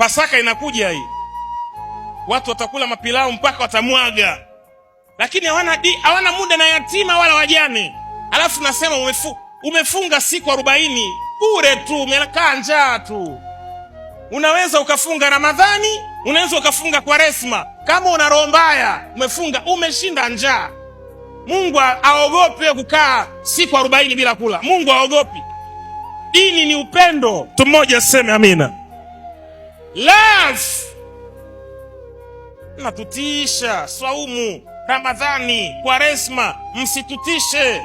Pasaka inakuja hii, watu watakula mapilau mpaka watamwaga, lakini hawana hawana muda na yatima wala wajane. Alafu nasema umefu, umefunga siku arobaini bure tu, umekaa njaa tu. Unaweza ukafunga Ramadhani, unaweza ukafunga Kwaresma. Kama una roho mbaya, umefunga umeshinda njaa. Mungu aogopi kukaa siku arobaini bila kula? Mungu aogopi? Dini ni upendo. Mtu mmoja aseme amina love natutisha swaumu Ramadhani, Kwaresma, msitutishe.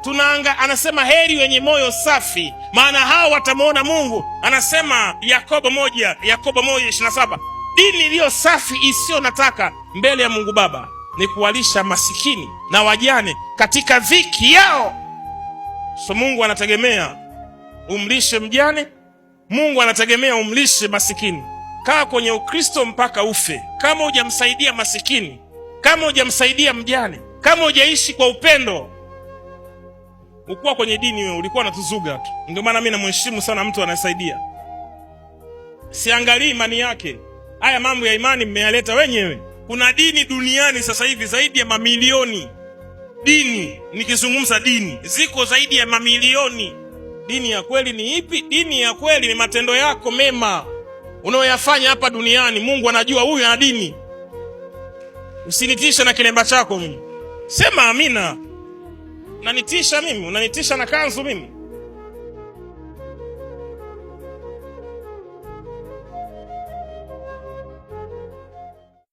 Tunaanga anasema heri wenye moyo safi, maana hao watamwona Mungu. Anasema Yakobo moja Yakobo moja ishirini saba dini iliyo safi isiyo nataka mbele ya Mungu Baba ni kuwalisha masikini na wajane katika viki yao. So Mungu anategemea umlishe mjane Mungu anategemea umlishe masikini. Kaa kwenye Ukristo mpaka ufe. Kama hujamsaidia masikini, kama hujamsaidia mjane, kama hujaishi kwa upendo, ukuwa kwenye dini wewe ulikuwa natuzuga tu. Ndio maana mimi namheshimu sana mtu anasaidia, siangalii imani yake. Haya mambo ya imani mmeyaleta wenyewe. Kuna dini duniani sasa hivi zaidi ya mamilioni dini, nikizungumza dini, ziko zaidi ya mamilioni. Dini ya kweli ni ipi? Dini ya kweli ni matendo yako mema unaoyafanya hapa duniani. Mungu anajua huyu ana dini. Usinitisha na kilemba chako mimi. Sema amina. Unanitisha mimi, unanitisha na kanzu mimi.